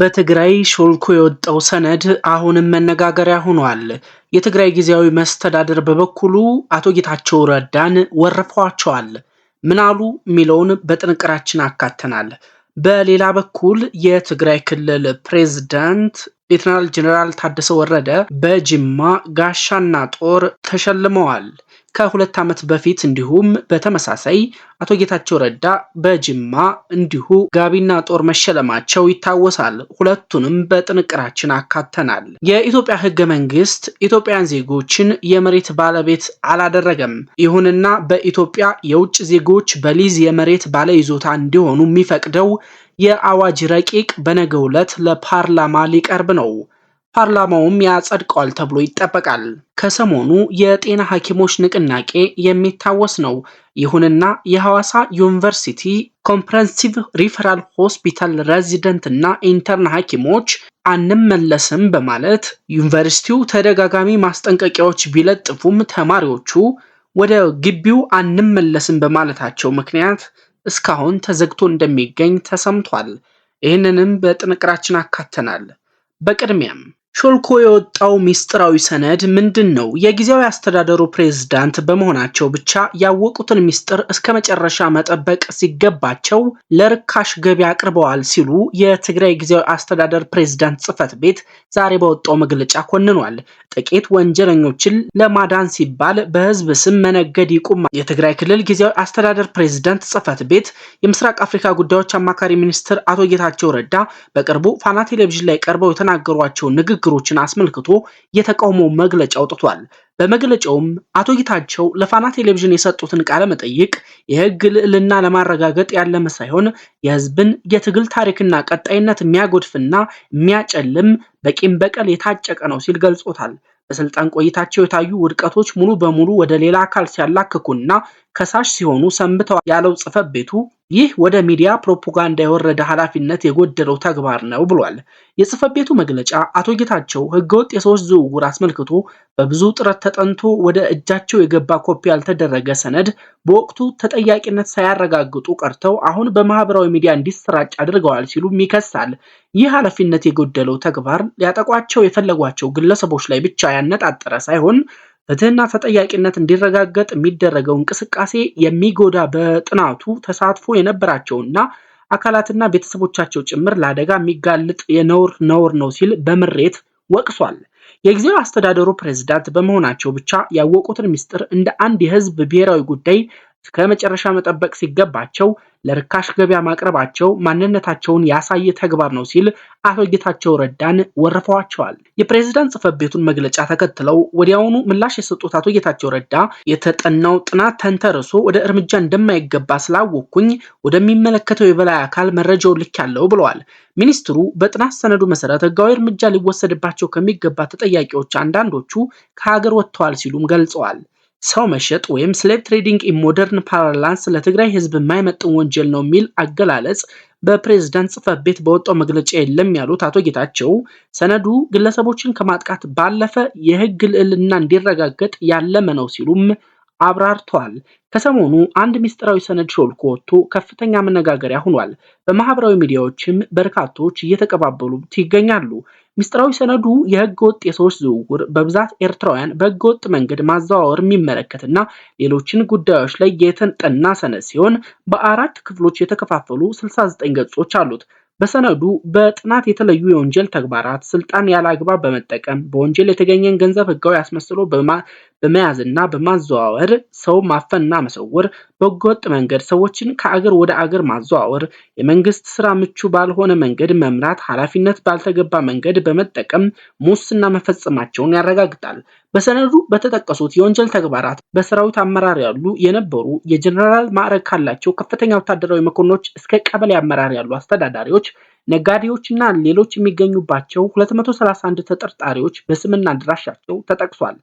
በትግራይ ሾልኮ የወጣው ሰነድ አሁንም መነጋገሪያ ሆኗል። የትግራይ ጊዜያዊ መስተዳድር በበኩሉ አቶ ጌታቸው ረዳን ወርፈዋቸዋል። ምናሉ የሚለውን በጥንቅራችን አካተናል። በሌላ በኩል የትግራይ ክልል ፕሬዝዳንት ሌትናል ጀኔራል ታደሰ ወረደ በጅማ ጋሻና ጦር ተሸልመዋል። ከሁለት ዓመት በፊት እንዲሁም በተመሳሳይ አቶ ጌታቸው ረዳ በጅማ እንዲሁ ጋቢና ጦር መሸለማቸው ይታወሳል። ሁለቱንም በጥንቅራችን አካተናል። የኢትዮጵያ ህገ መንግስት ኢትዮጵያውያን ዜጎችን የመሬት ባለቤት አላደረገም። ይሁንና በኢትዮጵያ የውጭ ዜጎች በሊዝ የመሬት ባለይዞታ እንዲሆኑ የሚፈቅደው የአዋጅ ረቂቅ በነገው ዕለት ለፓርላማ ሊቀርብ ነው። ፓርላማውም ያጸድቀዋል ተብሎ ይጠበቃል። ከሰሞኑ የጤና ሐኪሞች ንቅናቄ የሚታወስ ነው። ይሁንና የሐዋሳ ዩኒቨርሲቲ ኮምፕረንሲቭ ሪፈራል ሆስፒታል ሬዚደንት እና ኢንተርን ሐኪሞች አንመለስም በማለት ዩኒቨርሲቲው ተደጋጋሚ ማስጠንቀቂያዎች ቢለጥፉም ተማሪዎቹ ወደ ግቢው አንመለስም በማለታቸው ምክንያት እስካሁን ተዘግቶ እንደሚገኝ ተሰምቷል። ይህንንም በጥንቅራችን አካተናል። በቅድሚያም ሾልኮ የወጣው ሚስጥራዊ ሰነድ ምንድን ነው? የጊዜያዊ አስተዳደሩ ፕሬዝዳንት በመሆናቸው ብቻ ያወቁትን ሚስጥር እስከ መጨረሻ መጠበቅ ሲገባቸው ለርካሽ ገቢ አቅርበዋል ሲሉ የትግራይ ጊዜያዊ አስተዳደር ፕሬዝዳንት ጽህፈት ቤት ዛሬ በወጣው መግለጫ ኮንኗል። ጥቂት ወንጀለኞችን ለማዳን ሲባል በህዝብ ስም መነገድ ይቁም። የትግራይ ክልል ጊዜያዊ አስተዳደር ፕሬዝዳንት ጽህፈት ቤት የምስራቅ አፍሪካ ጉዳዮች አማካሪ ሚኒስትር አቶ ጌታቸው ረዳ በቅርቡ ፋና ቴሌቪዥን ላይ ቀርበው የተናገሯቸው ንግግ ችግሮችን አስመልክቶ የተቃውሞ መግለጫ አውጥቷል። በመግለጫውም አቶ ጌታቸው ለፋና ቴሌቪዥን የሰጡትን ቃለ መጠይቅ የህግ ልዕልና ለማረጋገጥ ያለመ ሳይሆን የህዝብን የትግል ታሪክና ቀጣይነት የሚያጎድፍና የሚያጨልም በቂም በቀል የታጨቀ ነው ሲል ገልጾታል። በስልጣን ቆይታቸው የታዩ ውድቀቶች ሙሉ በሙሉ ወደ ሌላ አካል ሲያላክኩና ከሳሽ ሲሆኑ ሰንብተዋል ያለው ጽፈት ቤቱ ይህ ወደ ሚዲያ ፕሮፓጋንዳ የወረደ ኃላፊነት የጎደለው ተግባር ነው ብሏል። የጽህፈት ቤቱ መግለጫ አቶ ጌታቸው ህገወጥ የሰዎች ዝውውር አስመልክቶ በብዙ ጥረት ተጠንቶ ወደ እጃቸው የገባ ኮፒ ያልተደረገ ሰነድ በወቅቱ ተጠያቂነት ሳያረጋግጡ ቀርተው አሁን በማህበራዊ ሚዲያ እንዲሰራጭ አድርገዋል ሲሉም ይከሳል። ይህ ኃላፊነት የጎደለው ተግባር ሊያጠቋቸው የፈለጓቸው ግለሰቦች ላይ ብቻ ያነጣጠረ ሳይሆን ፍትህና ተጠያቂነት እንዲረጋገጥ የሚደረገው እንቅስቃሴ የሚጎዳ በጥናቱ ተሳትፎ የነበራቸውና አካላትና ቤተሰቦቻቸው ጭምር ለአደጋ የሚጋልጥ የነውር ነውር ነው ሲል በምሬት ወቅሷል። የጊዜው አስተዳደሩ ፕሬዝዳንት በመሆናቸው ብቻ ያወቁትን ምስጢር እንደ አንድ የህዝብ ብሔራዊ ጉዳይ እስከ መጨረሻ መጠበቅ ሲገባቸው ለርካሽ ገበያ ማቅረባቸው ማንነታቸውን ያሳየ ተግባር ነው ሲል አቶ ጌታቸው ረዳን ወርፈዋቸዋል። የፕሬዝዳንት ጽህፈት ቤቱን መግለጫ ተከትለው ወዲያውኑ ምላሽ የሰጡት አቶ ጌታቸው ረዳ የተጠናው ጥናት ተንተርሶ ወደ እርምጃ እንደማይገባ ስላወቅኩኝ ወደሚመለከተው የበላይ አካል መረጃውን ልኬያለሁ ብለዋል። ሚኒስትሩ በጥናት ሰነዱ መሰረት ህጋዊ እርምጃ ሊወሰድባቸው ከሚገባ ተጠያቂዎች አንዳንዶቹ ከሀገር ወጥተዋል ሲሉም ገልጸዋል። ሰው መሸጥ ወይም ስሌቭ ትሬዲንግ ኢሞደርን ፓራላንስ ለትግራይ ህዝብ የማይመጥን ወንጀል ነው የሚል አገላለጽ በፕሬዝዳንት ጽህፈት ቤት በወጣው መግለጫ የለም ያሉት አቶ ጌታቸው ሰነዱ ግለሰቦችን ከማጥቃት ባለፈ የህግ ልዕልና እንዲረጋገጥ ያለመ ነው ሲሉም አብራርተዋል። ከሰሞኑ አንድ ሚስጥራዊ ሰነድ ሾልኮ ወጥቶ ከፍተኛ መነጋገሪያ ሆኗል። በማህበራዊ ሚዲያዎችም በርካቶች እየተቀባበሉት ይገኛሉ። ሚስጥራዊ ሰነዱ የህገ ወጥ የሰዎች ዝውውር በብዛት ኤርትራውያን በህገ ወጥ መንገድ ማዘዋወር የሚመለከትና ሌሎችን ጉዳዮች ላይ የተጠና ሰነድ ሲሆን በአራት ክፍሎች የተከፋፈሉ 69 ገጾች አሉት። በሰነዱ በጥናት የተለዩ የወንጀል ተግባራት፣ ስልጣን ያለ አግባብ በመጠቀም፣ በወንጀል የተገኘን ገንዘብ ህጋዊ አስመስሎ በመያዝ እና በማዘዋወር ሰው ማፈንና መሰወር፣ በህገወጥ መንገድ ሰዎችን ከአገር ወደ አገር ማዘዋወር፣ የመንግስት ስራ ምቹ ባልሆነ መንገድ መምራት፣ ኃላፊነት ባልተገባ መንገድ በመጠቀም ሙስና መፈጸማቸውን ያረጋግጣል። በሰነዱ በተጠቀሱት የወንጀል ተግባራት በሰራዊት አመራር ያሉ የነበሩ የጀኔራል ማዕረግ ካላቸው ከፍተኛ ወታደራዊ መኮንኖች እስከ ቀበሌ አመራር ያሉ አስተዳዳሪዎች ነጋዴዎችና ሌሎች የሚገኙባቸው 231 ተጠርጣሪዎች በስምና አድራሻቸው ተጠቅሷል።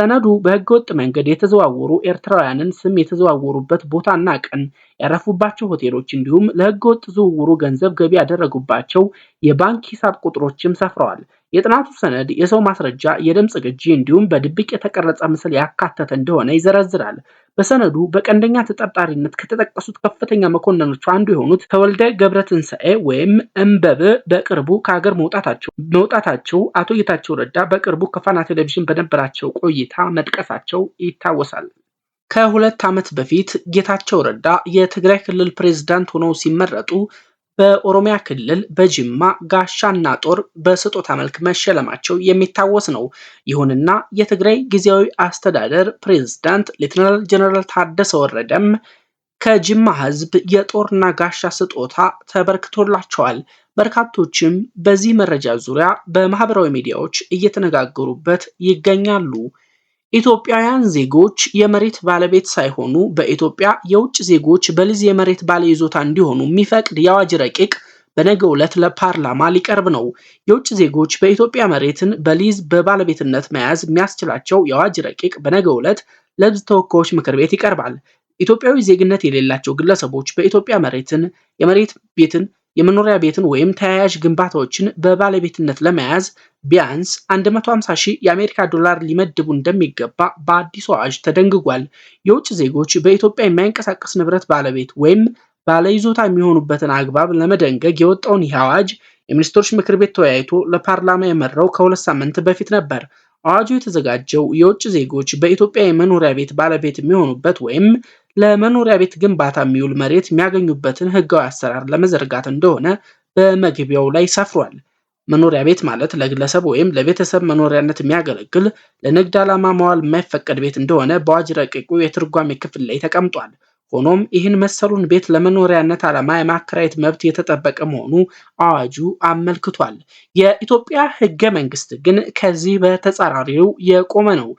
ሰነዱ በህገወጥ መንገድ የተዘዋወሩ ኤርትራውያንን ስም የተዘዋወሩበት ቦታና ቀን፣ ያረፉባቸው ሆቴሎች እንዲሁም ለህገወጥ ዝውውሩ ገንዘብ ገቢ ያደረጉባቸው የባንክ ሂሳብ ቁጥሮችም ሰፍረዋል። የጥናቱ ሰነድ የሰው ማስረጃ፣ የድምፅ ግጂ እንዲሁም በድብቅ የተቀረጸ ምስል ያካተተ እንደሆነ ይዘረዝራል። በሰነዱ በቀንደኛ ተጠርጣሪነት ከተጠቀሱት ከፍተኛ መኮንኖቹ አንዱ የሆኑት ተወልደ ገብረ ትንሣኤ ወይም እምበብ በቅርቡ ከሀገር መውጣታቸው መውጣታቸው አቶ ጌታቸው ረዳ በቅርቡ ከፋና ቴሌቪዥን በነበራቸው ቆይታ መጥቀሳቸው ይታወሳል። ከሁለት ዓመት በፊት ጌታቸው ረዳ የትግራይ ክልል ፕሬዝዳንት ሆነው ሲመረጡ በኦሮሚያ ክልል በጅማ ጋሻና ጦር በስጦታ መልክ መሸለማቸው የሚታወስ ነው። ይሁንና የትግራይ ጊዜያዊ አስተዳደር ፕሬዝዳንት ሌትናል ጀነራል ታደሰ ወረደም ከጅማ ህዝብ የጦርና ጋሻ ስጦታ ተበርክቶላቸዋል። በርካቶችም በዚህ መረጃ ዙሪያ በማህበራዊ ሚዲያዎች እየተነጋገሩበት ይገኛሉ። ኢትዮጵያውያን ዜጎች የመሬት ባለቤት ሳይሆኑ በኢትዮጵያ የውጭ ዜጎች በሊዝ የመሬት ባለይዞታ እንዲሆኑ የሚፈቅድ የአዋጅ ረቂቅ በነገ ዕለት ለፓርላማ ሊቀርብ ነው። የውጭ ዜጎች በኢትዮጵያ መሬትን በሊዝ በባለቤትነት መያዝ የሚያስችላቸው የአዋጅ ረቂቅ በነገ ዕለት ለሕዝብ ተወካዮች ምክር ቤት ይቀርባል። ኢትዮጵያዊ ዜግነት የሌላቸው ግለሰቦች በኢትዮጵያ መሬትን የመሬት ቤትን የመኖሪያ ቤትን ወይም ተያያዥ ግንባታዎችን በባለቤትነት ለመያዝ ቢያንስ 150 ሺህ የአሜሪካ ዶላር ሊመድቡ እንደሚገባ በአዲሱ አዋጅ ተደንግጓል። የውጭ ዜጎች በኢትዮጵያ የማይንቀሳቀስ ንብረት ባለቤት ወይም ባለይዞታ የሚሆኑበትን አግባብ ለመደንገግ የወጣውን ይህ አዋጅ የሚኒስትሮች ምክር ቤት ተወያይቶ ለፓርላማ የመራው ከሁለት ሳምንት በፊት ነበር። አዋጁ የተዘጋጀው የውጭ ዜጎች በኢትዮጵያ የመኖሪያ ቤት ባለቤት የሚሆኑበት ወይም ለመኖሪያ ቤት ግንባታ የሚውል መሬት የሚያገኙበትን ሕጋዊ አሰራር ለመዘርጋት እንደሆነ በመግቢያው ላይ ሰፍሯል። መኖሪያ ቤት ማለት ለግለሰብ ወይም ለቤተሰብ መኖሪያነት የሚያገለግል ለንግድ ዓላማ መዋል የማይፈቀድ ቤት እንደሆነ በአዋጅ ረቂቁ የትርጓሜ ክፍል ላይ ተቀምጧል። ሆኖም ይህን መሰሉን ቤት ለመኖሪያነት ዓላማ የማከራየት መብት የተጠበቀ መሆኑ አዋጁ አመልክቷል። የኢትዮጵያ ህገ መንግስት ግን ከዚህ በተጻራሪው የቆመ ነው።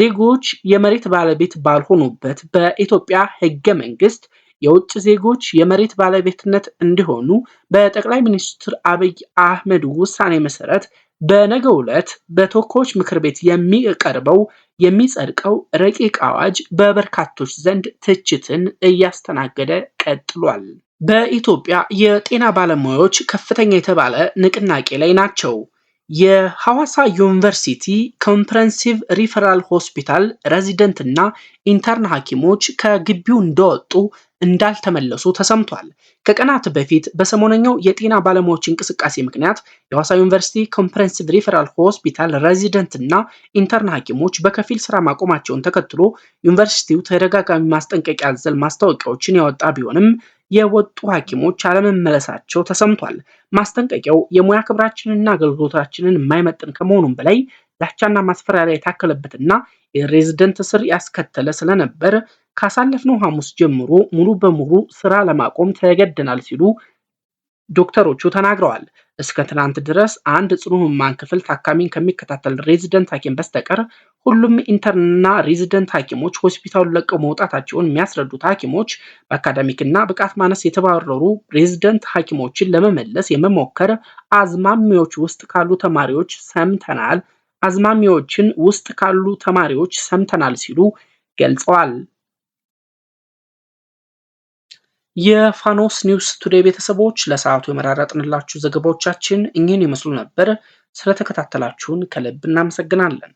ዜጎች የመሬት ባለቤት ባልሆኑበት በኢትዮጵያ ህገ መንግስት የውጭ ዜጎች የመሬት ባለቤትነት እንዲሆኑ በጠቅላይ ሚኒስትር አብይ አህመድ ውሳኔ መሰረት በነገው ዕለት በተወካዮች ምክር ቤት የሚቀርበው የሚጸድቀው ረቂቅ አዋጅ በበርካቶች ዘንድ ትችትን እያስተናገደ ቀጥሏል። በኢትዮጵያ የጤና ባለሙያዎች ከፍተኛ የተባለ ንቅናቄ ላይ ናቸው። የሐዋሳ ዩኒቨርሲቲ ኮምፕረንሲቭ ሪፈራል ሆስፒታል ሬዚደንት እና ኢንተርን ሐኪሞች ከግቢው እንደወጡ እንዳልተመለሱ ተሰምቷል። ከቀናት በፊት በሰሞነኛው የጤና ባለሙያዎች እንቅስቃሴ ምክንያት የሐዋሳ ዩኒቨርሲቲ ኮምፕሬንሲቭ ሪፈራል ሆስፒታል ሬዚደንት እና ኢንተርን ሐኪሞች በከፊል ስራ ማቆማቸውን ተከትሎ ዩኒቨርሲቲው ተደጋጋሚ ማስጠንቀቂያ አዘል ማስታወቂያዎችን ያወጣ ቢሆንም የወጡ ሐኪሞች አለመመለሳቸው ተሰምቷል። ማስጠንቀቂያው የሙያ ክብራችንንና አገልግሎታችንን የማይመጥን ከመሆኑም በላይ ዳቻና ማስፈራሪያ የታከለበትና የሬዚደንት ስር ያስከተለ ስለነበር ካሳለፍነው ሐሙስ ጀምሮ ሙሉ በሙሉ ስራ ለማቆም ተገደናል ሲሉ ዶክተሮቹ ተናግረዋል። እስከ ትናንት ድረስ አንድ ጽኑ ሕሙማን ክፍል ታካሚን ከሚከታተል ሬዚደንት ሐኪም በስተቀር ሁሉም ኢንተርንና ሬዚደንት ሐኪሞች ሆስፒታሉን ለቀው መውጣታቸውን የሚያስረዱት ሐኪሞች በአካዳሚክና ብቃት ማነስ የተባረሩ ሬዚደንት ሐኪሞችን ለመመለስ የመሞከር አዝማሚዎች ውስጥ ካሉ ተማሪዎች ሰምተናል አዝማሚዎችን ውስጥ ካሉ ተማሪዎች ሰምተናል ሲሉ ገልጸዋል። የፋኖስ ኒውስ ቱዴይ ቤተሰቦች ለሰዓቱ የመራረጥንላችሁ ዘገባዎቻችን እኚህን ይመስሉ ነበር። ስለተከታተላችሁን ከልብ እናመሰግናለን።